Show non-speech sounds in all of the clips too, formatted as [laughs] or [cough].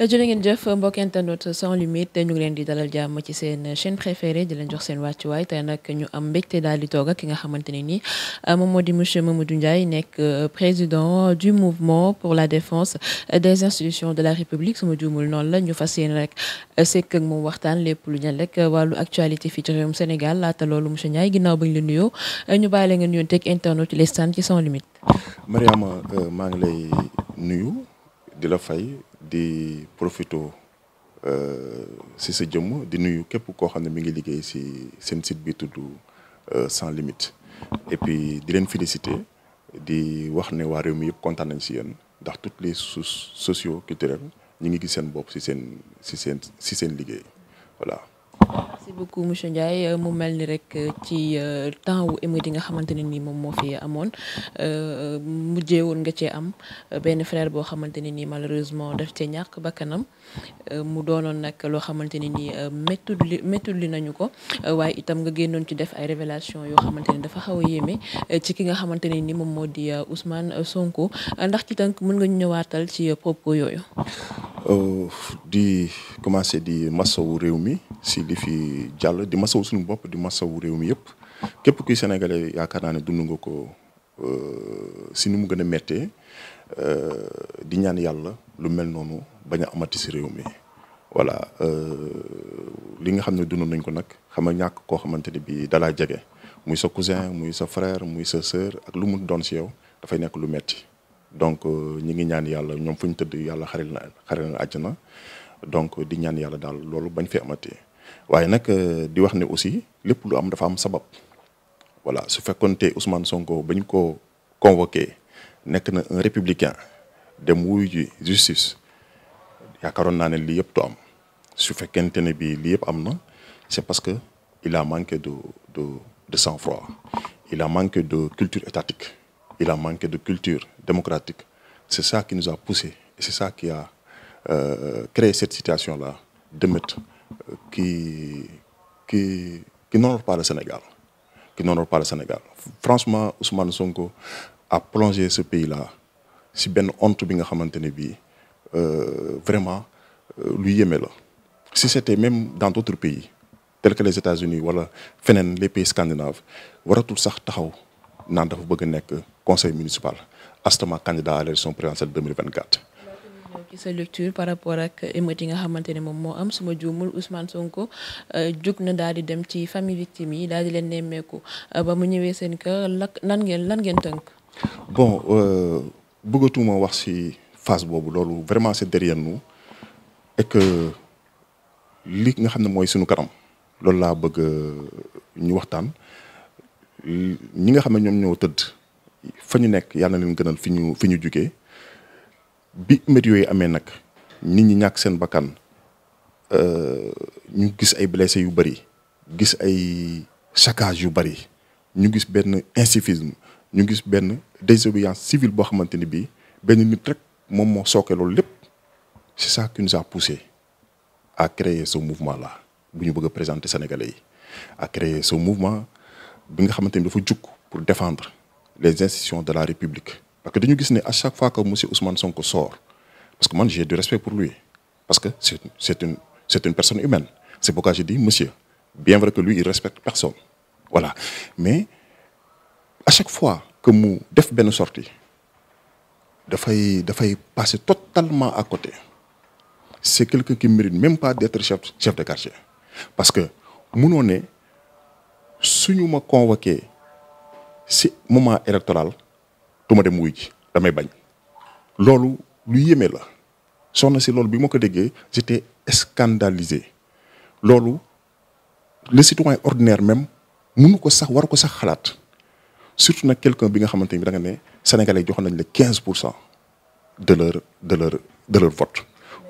Euh, jërë ngeen jëf mbokk internet sans limite ñu ngi leen di dalal jàmm ci seen chaîne préférée di jox seen wàccuwaay tey nag ñu am mbégte daal di toog ak ki nga xamante ne nii euh, moom moo di monsieur Mamadou Ndiaye nekk euh, président du mouvement pour la défense des institutions de la République suma juumul noonu la ñu fa yéene rek sekk ak moom waxtaan lépp lu ñel rek wàllu actualité fii ci réewum Sénégal laata loolu monsieur Ndiaye ginnaaw bañ la nuyoo ñu bàyyi la nga nuyoon teg internet yi les staan ci sans limite. Mariama maa ngi lay nuyu di di profito euh, si sa jëmm di nuyu képp koo xam ne mi ngi liggéey si seen sit bi tudd euh, sans limite et puis di leen féliciter di wax ne waa mi yëpp kontaan nañ si yéen ndax toutes les sources socio-culturelles ñu ngi gis seen bopp si seen si seen si seen liggéey voilà ci beaucoup monsieur Ndiaye euh, mu mel ni rek euh, ci euh, temps wu émeute yi nga xamante ne ni moom moo fi amoon mujjee woon nga cee am benn frère boo xamante ne ni malheureusement daf cee ñàkk bakkanam mu doonoon nag loo xamante ne ni méttud li li nañu ko waaye itam nga génnoon ci def ay révélation yoo xamante ne dafa xaw a yéeme ci ki nga xamante ne ni moom moo di Ousmane Sonko ndax ci tënk mën nga ñëwaatal ci propos yooyu. Euh, di commencé di masawu réew mi si li fi jàll di masawu suñu bopp di masawu réew mi yëpp képp kuy sénégalais yaakaar naa ne dund nga ko euh, si ni mu gën a méttee euh, di ñaan yàlla lu mel noonu bañ a amati si réew mi voilà li nga xam ne dund nañ ko nag xam nga ñàkk koo xamante ne bii dalaa jege muy sa cousin muy sa frère muy sa sœur ak lu mu doon si yow dafay nekk lu metti donc euh, ñi ngi ñaan yàlla ñoom fu ñu tëdd yàlla xaril na xaril na àjjana donc di ñaan yàlla daal loolu bañ fi amatee waaye nag euh, di wax ne aussi lépp lu am dafa am sabab voilà su fekkoon te Ousmane Sonko bañ ko convoqué nekk na un républicain dem wuyu ji justice yaakaaroon naa ne lii yëpp du am su fekkente ne bii lii yëpp am na c'est parce que il a manqué de de de sang-froid il a manqué de culture étatique la manqué de culture démocratique. C'est ça qui nous a poussés et c'est ça qui a euh, créé cette situation-là d'émeute euh, qui, qui, qui n'honore Sénégal. Qui n'honore pas Sonko a plongé ce pays-là si benn honte bi nga xamante ne bii euh, vraiment euh, lu yéeme la. si c'était même dans d'autres pays tels que les États-Unis wala feneen les pays scandinaves waratul sax taxaw naan dafa bëgg a nekk. conseil municipal astama candidat à l'élection présidentielle 2024. ci sa lecture par rapport ak émeute yi nga xamante ne moom moo am suma juumul Ousmane Sonko euh, jug na daal di dem ci famille victime yi daal di leen nemmeeku euh, ba mu ñëwee seen kër lan ngeen lan ngeen tënk. bon euh, bëggatuma wax ci phase boobu loolu vraiment c'est derrière nous et que nga xam ne mooy sunu kanam loolu laa bëgg ñu waxtaan ñi nga xam ne ñoom ñoo tëdd. fa ñu nekk yàlla na leen gënal fi ñu fi ñu jugee bi mbir yooyu amee nag nit ñi ñàkk seen bakkan euh, ñu gis ay blessés yu bëri gis ay saccage yu bëri ñu gis benn incivisme ñu gis benn désobéissance civile boo xamante ni bii benn nit rek moom moo sooke loolu lépp c'est ça qui nous a à créer ce mouvement là bu ñu bëgg a présenter sénégalais yi à créer ce mouvement bi nga xamante ni dafa jug pour défendre les institutions de la République parce que dañu gis ni à chaque fois que monsieur Ousmane Sonko sort parce que man j'ai du respect pour lui parce que c'est c'est une c'est une personne humaine c'est pourquoi je dis monsieur bien vrai que lui il respecte personne voilà mais à chaque fois que mu def benn sortie dafay dafay passer totalement à côté c'est quelqu'un qui mérite même pas d'être chef de quartier parce que munoo ne suñu ma convoqué si moment électoral du ma dem wuy ji damay bañ loolu lu yéeme la soxna si loolu bi ma ko déggee j'étais scandalisé loolu le ordinaire même mënu ko sax war ko sax xalaat surtout nag quelqu'un bi nga xamante ni da nga ne sénégalais nañ la quinze pour cent de leur de leur de vote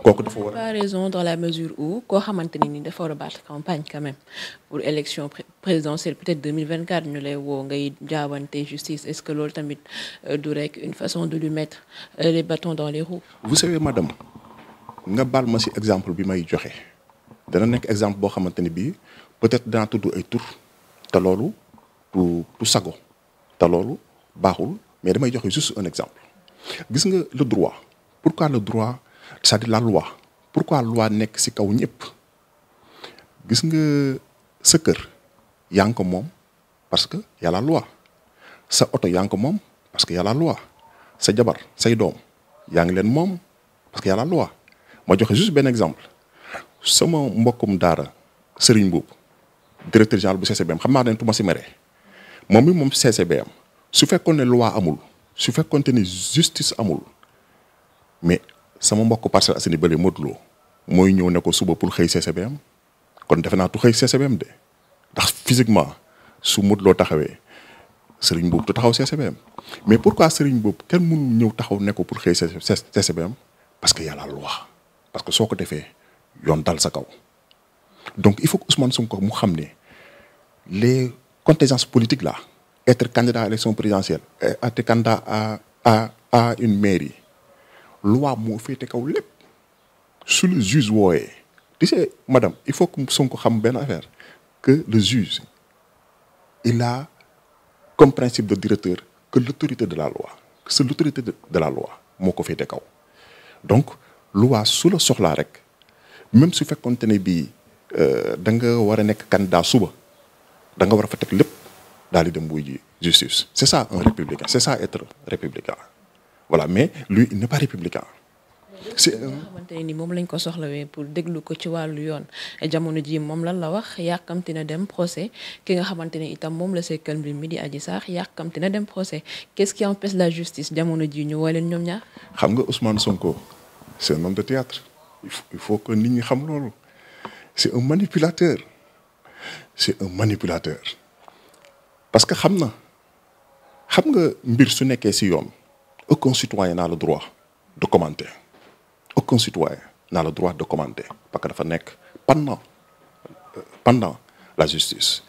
kooku dafa war a. raison dans la mesure où koo xamante ni dafa war a battre campagne quand même pour élection présidentielle peut-être 2024 ñu lay woo ngay jaabante justice est-ce que loolu tamit euh, du rekk une façon de lui mettre euh, les bâtons dans les roues. vous savez madame nga baal ma ci exemple bi may joxe dana nekk exemple boo xamante ni bii peut-être danaa tudd ay tur te loolu du sago te loolu baaxul mais damay joxe juste un exemple gis nga le droit pourquoi le droit. c'est-à-dire la loi pourquoi loi nekk si kaw ñëpp gis nga sa kër yaa ko moom parce que y la loi sa oto yaa moom parce que y a loi sa jabar say doom yaa ngi leen moom parce que y a la loi ma joxe juste benn exemple sama mbokkum daara Serigne Mboup directeur général bu CCBM xam naa ne tu ma ci mere moom mi moom su fekkoon ne loi amul su fekkoon ne justice amul mais sama mbokk Parcelles Assainies bële Modou Lo mooy ñëw ne ko suba pour xëy CCBM kon defe naa tu xëy CCBM de ndax physiquement su Modou Lo taxawee Serigne boobu du taxaw CCBM mais pourquoi Serigne boob kenn mënul ñëw taxaw ne ko pour xëy CCBM parce que yàlla lu wax parce que soo ko defee yoon dal sa kaw donc il faut que Ousmane ko mu xam ne les contingences politiques là être candidat à l'élection présidentielle être candidat à à à une mairie loi moo féete kaw lépp su le juge wooyee tu sais madame il faut que Sonko xam benn affaire que le juge il a comme principe de directeur que l'autorité de la loi que c'est l'autorité de la loi moo ko féete kaw donc loi su la soxlaa rek même su fekkonte ne bii euh, da nga war a nekk candidat suba da nga war a fa teg lépp daal di dem wuy ji justice c'est ça un républicain c'est ça être républicain voilà mais lui il n'est pas républicain. si xamante moom lañ ko soxlawee pour déglu ko ci wàllu yoon jamono ji moom lan la wax yàkkamti na dem procès ki nga xamante ne itam moom la sekkal mbir mi di Adji Sarr yàkkamti na dem procès qu'est-ce qui empêche la justice jamono ji ñu woo leen ñoom ñaar. xam nga Ousmane Sonko c'est un homme de théâtre il faut que nit ñi xam loolu c'est un manipulateur c'est un manipulateur parce que xam na xam nga mbir su nekkee ci yoon. Aucun citoyen n'a le droit de commenter. Aucun citoyen n'a le droit de commenter parce que dafa nekk pendant euh, pendant la justice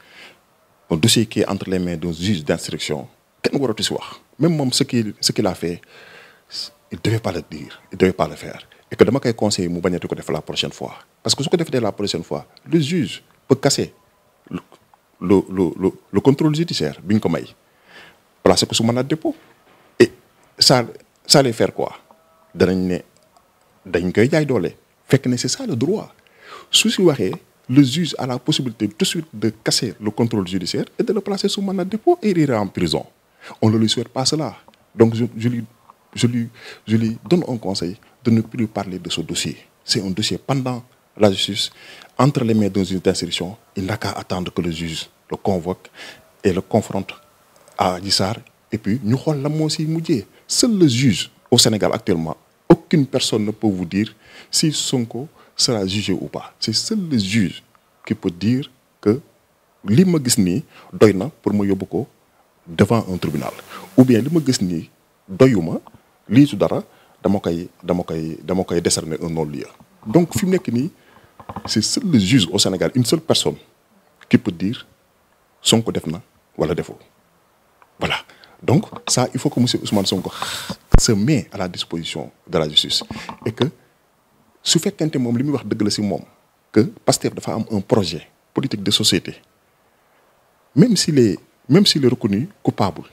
un dossier qui est entre les mains d'un juge d'instruction kenn waratu si wax même moom ce qu'il ce qu'il a fait il devait pas le dire il devait pas le faire et que dama koy conseiller mu bañati ko def la prochaine fois parce que su ko defee la prochaine fois le juge peut casser le le le le, le contrôle ko may placer ko sous mandat de dépôt ça ça faire quoi danañ ne dañ koy jaay doole fekk ne c'est ça le droit su si waxee le juge a la possibilité tout de suite de casser le contrôle judiciaire et de le placer sous mandat de dépôt et il ira en prison on ne lui souhaite cela donc je je lui je lui je lui donne un conseil de ne plus parler de ce dossier c'est un dossier pendant la justice entre les mains d'un juge d'instruction il n'a qu'à attendre que le juge le convoque et le confronte à Adji et puis ñu xool la moo si mujjee seul le juge au Sénégal actuellement aucune personne ne peut vous dire si Sonko sera jugé ou pas c'est seul le juge qui peut dire que li ma gis nii doy na pour ma yóbbu ko devant un tribunal ou bien li ma gis nii doyuma lii su dara dama koy dama koy dama koy décerner un non-lieu donc fi mu nekk nii c'est seul le juge au Sénégal une seule personne qui peut dire Sonko def na wala deful voilà donc ça il faut que monsieur Ousmane Sonko se met à la disposition de la justice et que su fekkente moom li muy wax dëgg la si moom que Pastef dafa am un projet politique de société même s'il est même s'il est reconnu coupable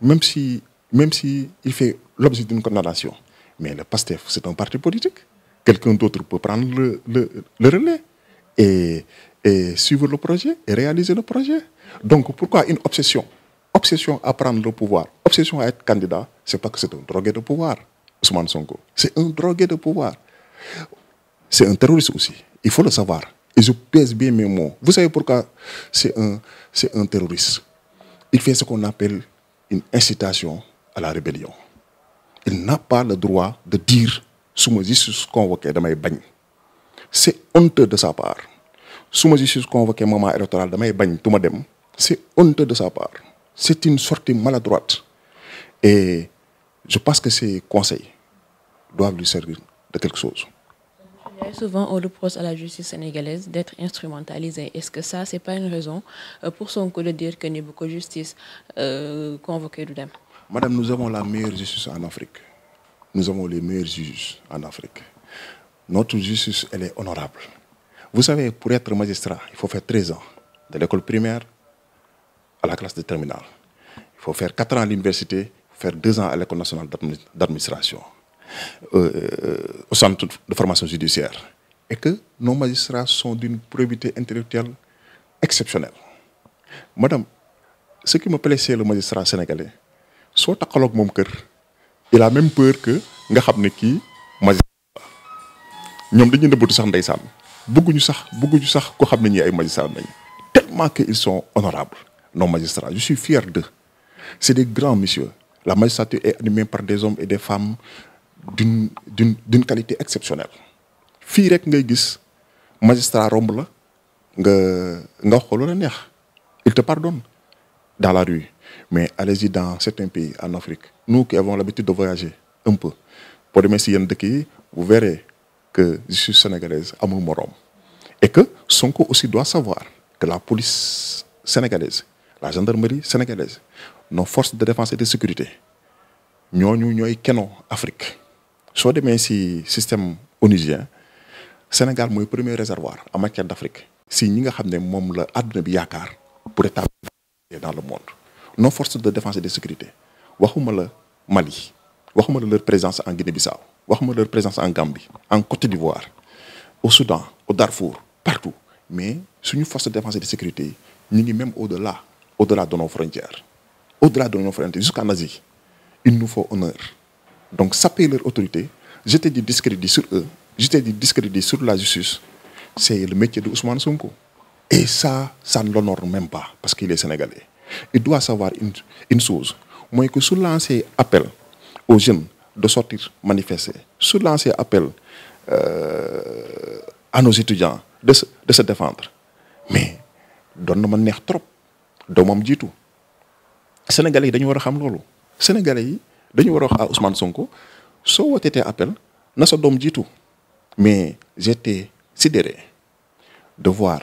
même si même si il fait l'objet d'une condamnation mais le Pastef c'est un parti politique quelqu'un d'autre peut prendre le, le, le relais et et suivre le projet et réaliser le projet donc pourquoi une obsession obsession à prendre le pouvoir, obsession à être candidat, c'est pas que c'est un drogué de pouvoir, Ousmane Sonko. C'est un drogué de pouvoir. C'est un terroriste aussi. Il faut le savoir. Et je pèse bien mes mots. Vous savez pourquoi c'est un, c'est un terroriste. Il fait ce qu'on appelle une incitation à la rébellion. Il n'a pas le droit de dire su ma justice convoqué damay bañ. c'est honteux de sa part su ma justice convoqué moment électoral damay bañ du ma dem. c'est honteux de sa c'est une sortie maladroite et je pense que ces conseils doivent lui servir de quelque chose. Très souvent on reproche à la justice sénégalaise d'être instrumentalisée. Est-ce que ça c'est pas une raison euh, pour Sonko de dire que ni bu ko justice euh, convoquée du dem? Madame, nous avons la meilleure justice en Afrique. Nous avons les meilleurs juges en Afrique. Notre justice elle est honorable. Vous savez pour être magistrat, il faut faire 13 ans de l'école primaire à la classe de terminale. Il faut faire 4 ans à l'université, faire 2 ans à l'école nationale d'administration, euh, euh, euh, au centre de formation judiciaire. Et que nos magistrats sont d'une probité intellectuelle exceptionnelle. Madame, ce qui me plaît, c'est le magistrat sénégalais. soo à moom kër il a même peur que nga xam ne kii magistrat ñoom dañu dañuy nëbbatu sax ndeysaan bëgguñu sax bëgguñu sax ko xam ne ñi ay magistrat lañ tellement que ils sont honorables nos magistrats. Je suis fier d'eux. C'est des grands messieurs. La magistrature est animée par des hommes et des femmes d'une d'une d'une qualité exceptionnelle. fii rek ngay gis magistrat romb la nga nga wax ko lu la neex il te pardonne dans la rue mais allez-y dans certains pays en Afrique nous qui avons l'habitude de voyager un peu boo demee si yenn dëkk yi vous verrez que justice sénégalaise amul moroom et que Sonko aussi doit savoir que la police sénégalaise la gendarmerie sénégalaise nos force de défense et de sécurité ñooñu ñooy kenoo Afrique soo demee si système onusien Sénégal mooy premier réservoir en matière d' si ñi nga xam ne moom la àdduna bi yaakaar pour établir dans le monde no force de défense et de sécurité waxuma la Mali waxuma la leur présence en Guinée-Bissau waxuma leur présence en Gambie en Côte d'Ivoire au Soudan au Darfour partout mais suñu force de défense et de sécurité yi ñu ngi même au-delà au-delà de nos frontières. Au-delà de nos frontières, jusqu'en Asie, il nous faut honneur. Donc saper leur autorité, jeter du discrédit sur eux, jeter du discrédit sur la justice, c'est le métier de Ousmane Sonko. Et ça, ça ne même pas, parce qu'il est sénégalais. Il doit savoir une, une mooy que sur lancer appel au jeunes de sortir manifester, sur lancer appel euh, à nos étudiants de se, de se défendre. Mais doon ma neex trop doomam jiitu sénégalais yi dañu war a xam loolu sénégalais yi dañu war a wax à Sonko soo woteetee appel na sa doom jiitu mais j'étais sidéré de voir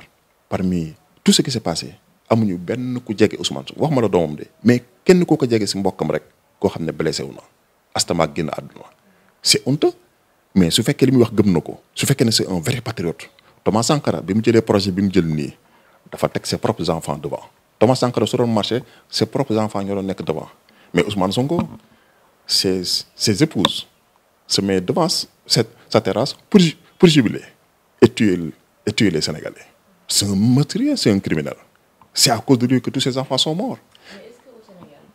parmi tout ce qui s'est passé amuñu benn ku jege Ousmane Sonko wax ma la doomam de mais kenn koo ko jege si mbokkam rek koo xam ne blessé wu na astamaak génn àdduna c'est honteux mais su fekkee li muy wax gëm na ko su fekkee ne c'est un vrai patriote Thomas Sankara bi mu jëlee projet bi mu jël nii dafa teg ses propres enfants devant Thomas Sankara su doon marché ses propres enfants ñoo nekk devant mais Ousmane Sonko ses ses épouses se met devant cette sa terrasse pour pour jubiler et tuer et tuer les Sénégalais c'est un meurtrier c'est un criminel c'est à cause de lui que tous ses enfants sont morts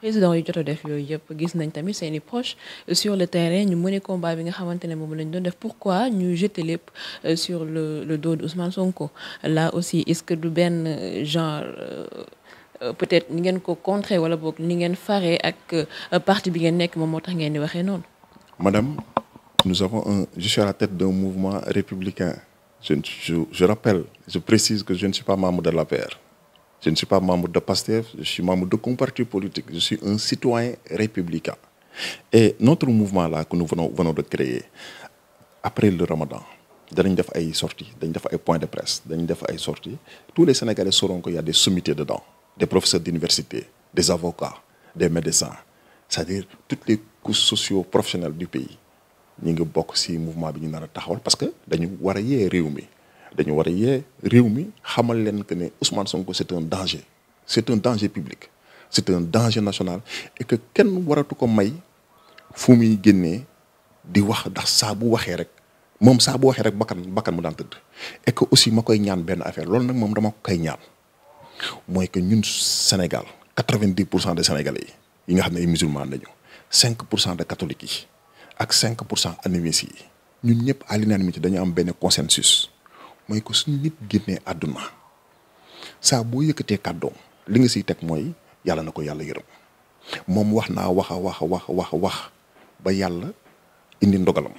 président yu jot def yooyu yëpp gis nañ tamit seen i proches sur le terrain ñu mëne combat bi nga xamante ne moom lañ doon def pourquoi ñu jeter lépp euh, sur le le dos d'Ousmane Sonko là aussi est-ce que du benn genre euh, Euh, peut-être ni ngeen ko contrer wala boog ni ngeen faree ak euh, parti bi ngeen nekk moom moo tax ngeen ni waxe noonu. madame nous avons un je suis à la tête d'un mouvement républicain je je je rappelle je précise que je ne suis pas membre de l'APR je ne suis pas membre de PASTEF je suis membre d'aucun parti politique je suis un citoyen républicain et notre mouvement là que nous venons venons de créer après le Ramadan. danañ def ay sorties dañ def ay points de presse dañ def ay sorties tous les Sénégalais sauront qu'il y a des sommités dedans des professeurs d'université, des avocats, des médecins, c'est-à-dire toutes les couches socio-professionnelles du pays ñu ngi bokk ci mouvement bi ñu nar a taxawal parce que dañu war a yee réew mi dañu war a yee réew mi xamal leen que ne Ousmane Sonko c'est un danger c'est un danger public c'est un danger national et que kenn waratu ko may fu muy génnee di wax ndax saa bu waxee rek moom saa bu waxee rek bakkan bakkan mu daan tëdd et aussi ma koy ñaan benn affaire loolu nag moom dama koy ñaan mooy que ñun Sénégal quatre-vingt-dix pour cent des Sénégalais yi nga xam ne ay musulmans lañu cinq pour cent de catholiques yi ak cinq pour cent animistes yi ñun ñëpp à l'unanimité dañu am benn consensus mooy que suñu nit génnee àdduna saa boo yëkkatee kàddoom li nga siy teg mooy yàlla na ko yàlla yërëm moom wax naa wax a wax a wax a wax a wax ba yàlla indi ndogalam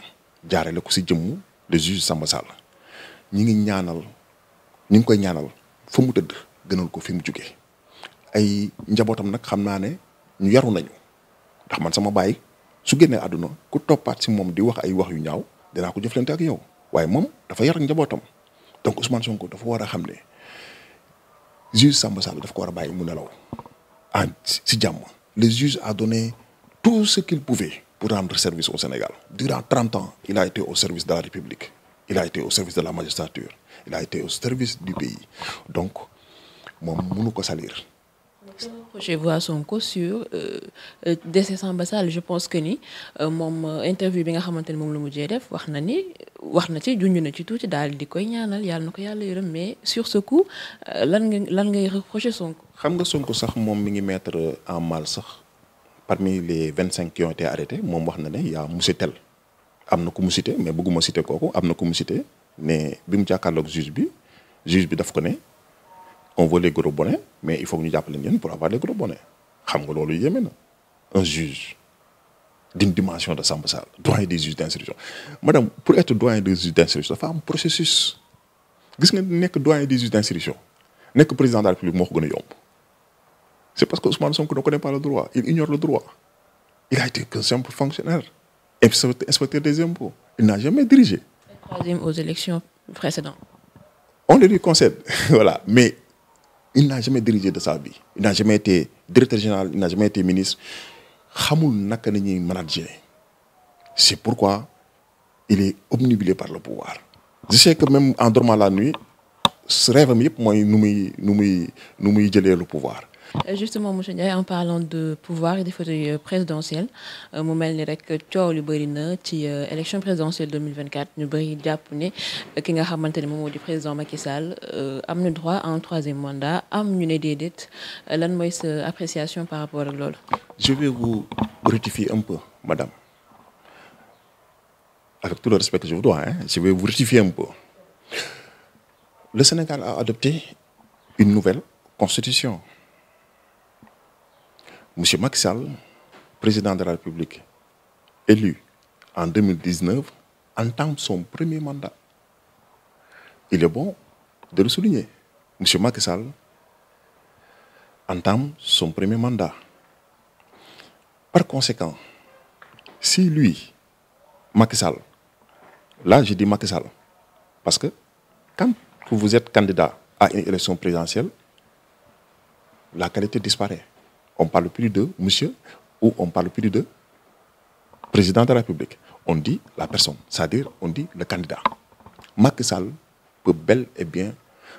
jaaree la ko si jëmm le juge Samba Sall ñi ngi ñaanal ñu ngi koy ñaanal fa mu tëdd. gënal ko fi mu jugee ay njabootam nag xam naa ne ñu yaru nañu ndax man sama baay su génnee àdduna ku toppaat si moom di wax ay wax yu ñaaw dinaa ko jëflante ak yow waaye moom dafa yar njabootam donc su Ousmane Sonko dafa war a xam ne juge Samba Sall daf ko war a bàyyi mu nelaw ah si jàmm le juge a donné tout ce qu'il pouvait pour rendre service au Sénégal durant trente ans il a été au service de la République il a été au service de la magistrature il a service du pays donc moom mënu ko salir. projet voix Sonko sur euh, euh, décès Samba Sall je pense que ni euh, moom interview bi nga xamante ni moom la jee def wax na ni wax na ci junj na ci tuuti daal di koy ñaanal yàlla na ko yàlla yërëm mais sur ce coup lan nga lan ngay reprocher Sonko. xam nga Sonko sax moom mi ngi mettre en mal sax parmi les vingt cinq qui ont été moom wax na ne yaa monsieur Tell am na ku mu cité mais bëgguma cité kooku am na ku mu cité ne bi mu jàkkaarloog juge bi juge bi daf ko ne. on veut les gros bonnets mais il faut ñu jàppale ñun pour avoir nga loolu yéeme na un juge d'une dimension de Samba Sall doyen des juges d'instruction madame pour être doyen des juges d'instruction dafa am processus gis nekk doyen des juges d'instruction nekk président de la République moo ko gën yomb c'est parce que Ousmane Sonko ne connaît pas le droit il ignore le droit il a été qu'un simple fonctionnaire inspecteur des impôts il n'a jamais dirigé troisième on le lui concède [laughs] voilà il n'a jamais dirigé de sa vie il n'a jamais été directeur général il n'a jamais été ministre xamul naka la ñuy manager c'est pourquoi il est obnubilé par le pouvoir je sais que même en dormant la nuit rêve yëpp mooy nu muy nu muy nu muy jëlee le pouvoir Euh, justement monsieur Ndiaye en parlant de pouvoir et des fauteuils euh, présidentiels euh, mu mel ni rek coow lu bëri na ci élection présidentielle 2024 ñu bëri jàpp ne ki nga xamante ne moom moo di président Macky Sall am na droit à un troisième mandat am ñu ne déedéet lan mooy sa appréciation par rapport ak loolu. je vais vous rectifier un avec tout que je vous dois hein je vais vous rectifier un peu le Sénégal a adopté une nouvelle constitution. monsieur Macky président de la République élu en 2019 entame son premier mandat il est bon de le souligner monsieur Macky Sall entame son premier mandat par conséquent si lui Macky Sall là je dis Macky parce que quand vous êtes candidat à une élection présidentielle la qualité disparaît on parle plus de monsieur ou on parle de président on la personne cest on dit le candidat Macky Sall peut et bien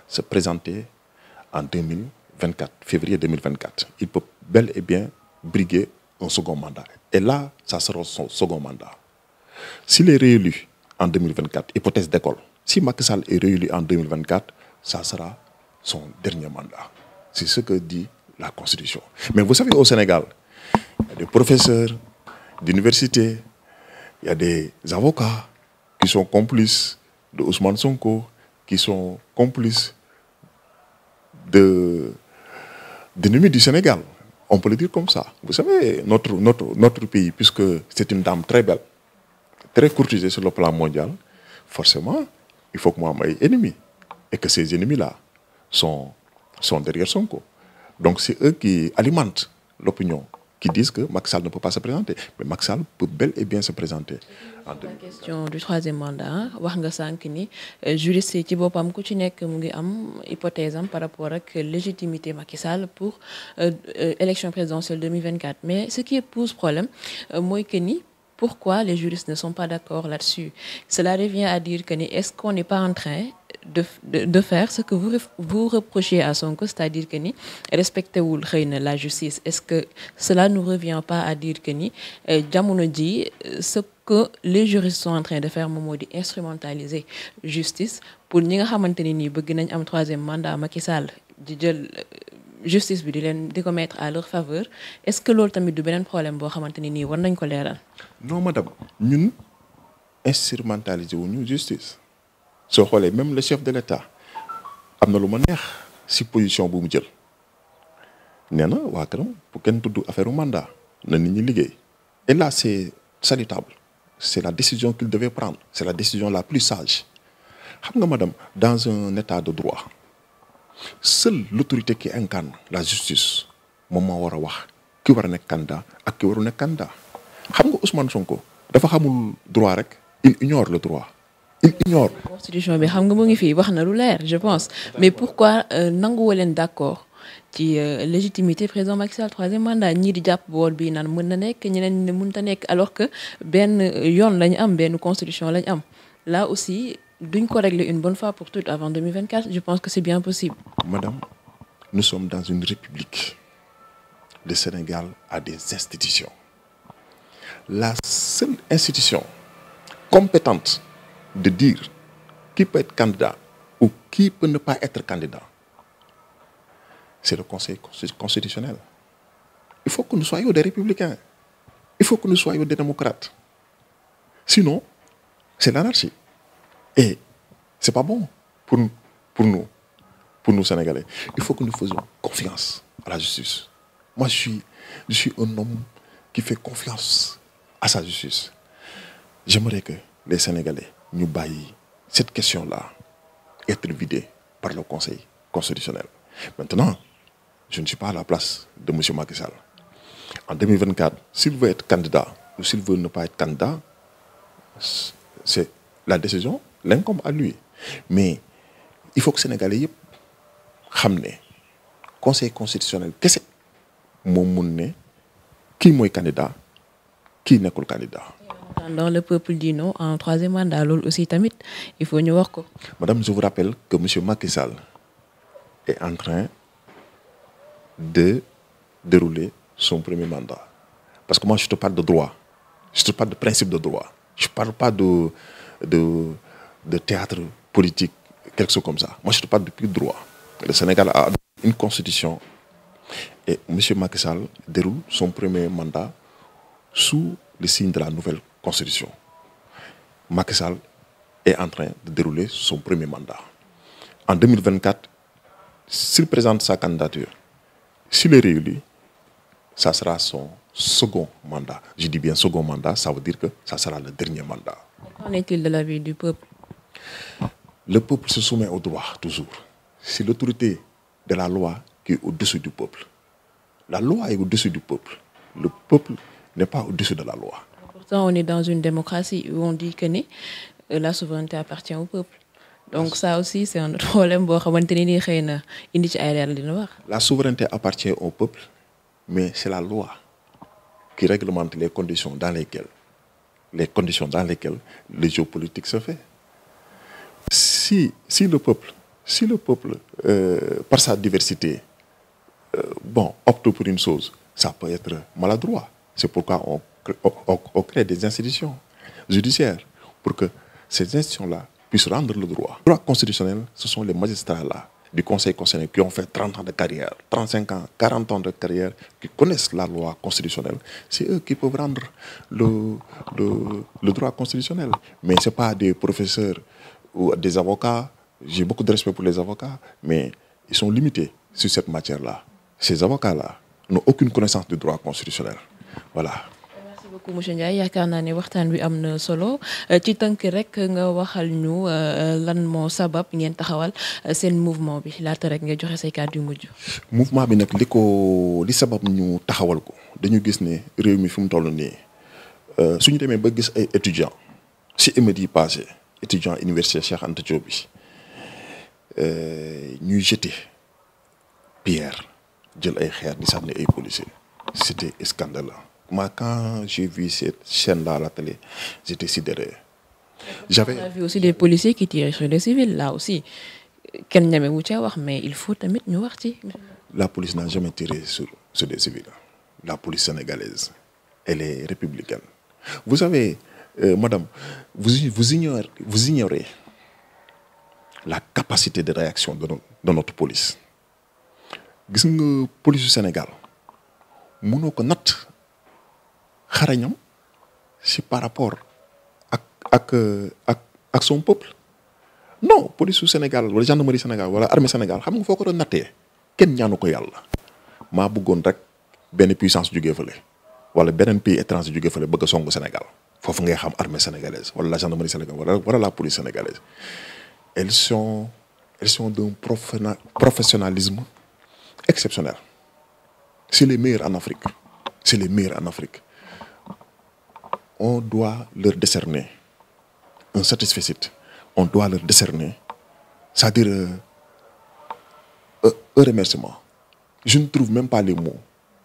se présenter en 2024 février 2024 il peut bel et bien briguer un second mandat et là ça sera son second mandat s'il est réélu en 2024 hypothèse d'école si Macky Sall est en 2024 ça sera son dernier mandat c'est ce que la Constitution. Mais vous savez, au Sénégal, il y des professeurs d'université, il y a des avocats qui sont complices de Ousmane Sonko, qui sont complices d'ennemis du Sénégal. On peut le dire comme ça. Vous savez, notre, notre, notre pays, puisque c'est une dame très belle, très courtisée sur le plan mondial, forcément, il faut que Mohamed ait ennemis. Et que ces ennemis-là sont, sont Sonko. Donc c'est eux qui alimentent l'opinion, qui disent que Macky Sall ne peut pas se présenter. Mais Macky peut bel et bien se présenter. en troisième mandat wax nga sànq ni euh, juriste yi ci boppam ku ci nekk mu ngi am hypothèse am par rapport ak légitimité Macky Sall pour euh, euh, élection présidentielle 2024 mais ce qui pose problème mooy que ni pourquoi les juristes ne sont pas d'accord là-dessus cela revient à dire que ni est-ce qu'on n'est pas en de de faire ce que vous vous reprochez à Sonko cest diir dire que ni respecté wul xëy na la justice est-ce que cela ne revient pas à dire que ni euh, jamono ji ce que les juristes sont en train de fair moom moo di instrumentaliser justice pour ñi nga xamante ni nii bëgg nañ am troisième mandat Macky Sall di jël euh, justice bi di leen di ko mettre à leur faveur est-ce que loolu tamit du beneen problème boo xamante ni nii war nañ ko leeral. non madame ñun instrumentaliser wuñu justice. soo xoolee même le chef de l'État am na lu ma neex si position bu mu jël nee na waa këram bu kenn tudd affaire u mandat na nit ñi liggéey et là c'est salutable c'est la décision qu'il devait prendre c'est la décision la plus sage xam nga madame dans un état de droit seule l'autorité qui incarne la justice moom moo war a wax ki war a nekk candidat ak ki waru nekk candidat xam nga Ousmane Sonko dafa xamul droit rek il ignore le droit il ignore. constitution bi xam nga mu ngi fii wax na lu leer je pense mais pourquoi euh, nanguwoo leen d' ci euh, légitimité président Macky Sall troisième mandat ñii di jàpp bool bii naan mën na nekk ñeneen ñi mun ta nekk alors que benn euh, yoon lañu am benn constitution la am là aussi duñ ko régler une bonne fois pour toutes avant 2024 je pense que c' est bien possible. madame nous sommes dans une république le Sénégal a des institutions la seule institution compétente. de dire qui peut être candidat ou qui peut ne pas être candidat, c'est le Conseil constitutionnel. Il faut que nous soyons des républicains. Il faut que nous soyons des démocrates. Sinon, c'est l'anarchie. Et c'est pas bon pour, pour nous, pour nous Sénégalais. Il faut que nous faisions confiance à la justice. Moi, je je suis un homme qui fait confiance à sa justice. J'aimerais que les Sénégalais ñu bàyyi cette question la être vidée par le Conseil constitutionnel maintenant je ne suis pas à la place de monsieur Macky Sall en 2024 s'il veut être candidat ou s'il veut ne pas être candidat c'est la décision l'incombe à lui mais il faut que sénégalais yëpp xam ne conseil constitutionnel kese moom mun ne kii mooy candidat kii nekkul candidat entendant le peuple dit non en troisième mandat loolu aussi tamit il faut ñu wax ko. madame je vous rappelle que monsieur Macky est en train de dérouler son premier mandat parce que moi je te parle de droit je te parle de principe de droit je parle pas de théâtre politique quelque chose comme ça moi je te parle de pur droit le Sénégal a une constitution et monsieur Macky Sall déroule son premier mandat sous le signe de la nouvelle constitution Macky Sall est en train de dérouler son premier mandat en 2024 s'il présente sa candidature s'il est réélu ça sera son second mandat je dis bien second mandat ça veut dire que ça sera le dernier mandat de le peuple se soumet au droit toujours c'est l'autorité de la loi qui est au-dessus du peuple la loi est au-dessus du peuple le peuple n'est pas au-dessus de la loi pourtant on est dans une démocratie où on dit que ne euh, la souveraineté appartient au peuple donc ça aussi c'est un autre [laughs] problème boo xamante ne nii xëy na indi ci ay leer dina wax. la souveraineté appartient au peuple mais c'est la loi qui réglemente les conditions dans lesquelles les conditions dans lesquelles le géopolitique se fait si si le peuple si le peuple euh, par sa diversité euh, bon opte pour une chose ça peut être maladroit c'est pourquoi on, on, on pour que ces institutions-là puissent rendre le droit. Le droit constitutionnel, les magistrats-là du Conseil constitutionnel qui ont fait 30 ans de carrière, 35 ans, 40 ans de carrière, qui connaissent la loi constitutionnelle, c'est Mais ce pas des professeurs ou des avocats. J'ai beaucoup de respect mais ils sont limités sur matière-là. Ces avocats-là n'ont aucune connaissance du beaucoup monsieur Ndiaye yaakaar naa ne waxtaan wi am na solo euh, ci tënk rek nga waxal ñu euh, lan moo sabab ngeen taxawal euh, seen mouvement bi laata rek nga joxe say kàddu yu mujj. mouvement bi nag li ko li sabab ñu taxawal ko dañu gis ne réew mi fi mu toll nii suñu demee ba gis ay étudiants si émeutes yi passé étudiants université Cheikh Anta Diop bi ñuy jeter pierre jël ay xeer di sànni ay policiers c'était scandaleux Moi, quand j'ai vu cette chaîne-là la télé, j'étais sidéré. J'avais... aussi des policiers qui tiraient sur des civils, là aussi. kenn ñamewu cee wax mais il faut tamit ñu wax ci. la police n'a jamais tiré sur sur des civils la police sénégalaise elle est républicaine vous savez euh, madame vous ignorez la capacité de réaction de notre de police gis nga police du Sénégal xarañam si par rapport ak ak ak ak son peuple non police su Sénégal wala gendarmerie Sénégal wala armée Sénégal xam nga foo ko doon nattee kenn ñaanu ko yàlla. maa bëggoon rek benn puissance jugee fële wala beneen pays étranger jugee fële bëgg a songu Sénégal foofu ngay xam armée sénégalaise wala la gendarmerie sénégalaise wala la police sénégalaise elles sont elles sont d'un professionnalisme exceptionnel c'est les meilleurs en Afrique c'est les meilleurs en Afrique. on doit leur décerner un satisfecit on doit leur décerner c'est-à-dire euh, euh, un remerciement je ne trouve même pas les mots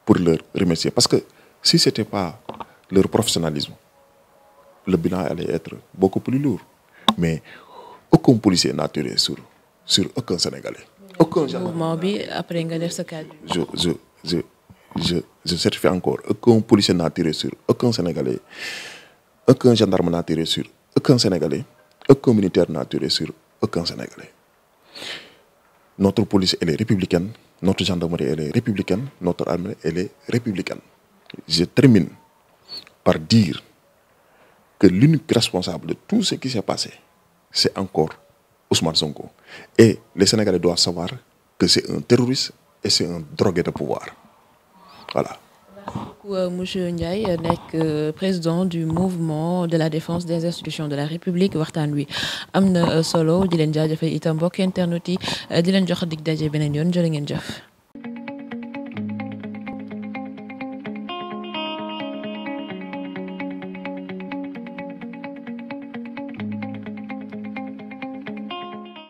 pour leur remercier parce que si c'était pas leur professionnalisme le bilan allait être beaucoup plus lourd mais aucun policier n'a sur aucun Sénégalais je je certifie encore aucun policier n'a tiré sur aucun Sénégalais aucun gendarme n'a tiré sur aucun Sénégalais aucun militaire n'a tiré sur aucun Sénégalais notre police elle est républicaine notre gendarmerie elle est républicaine notre armée elle est républicaine je termine par dire que l'unique responsable de tout ce qui s'est passé c'est encore Ousmane Sonko et les Sénégalais doivent savoir que c'est un terroriste et c'est un drogué de pouvoir voilà. beaucoup euh, monsieur Ndiaye euh, nekk euh, président du mouvement de la défense des institutions de la république waxtaan wi am na solo di leen jaajëfal itam mbokk internet yi di leen jox dig daje beneen yoon jërë ngeen jëf.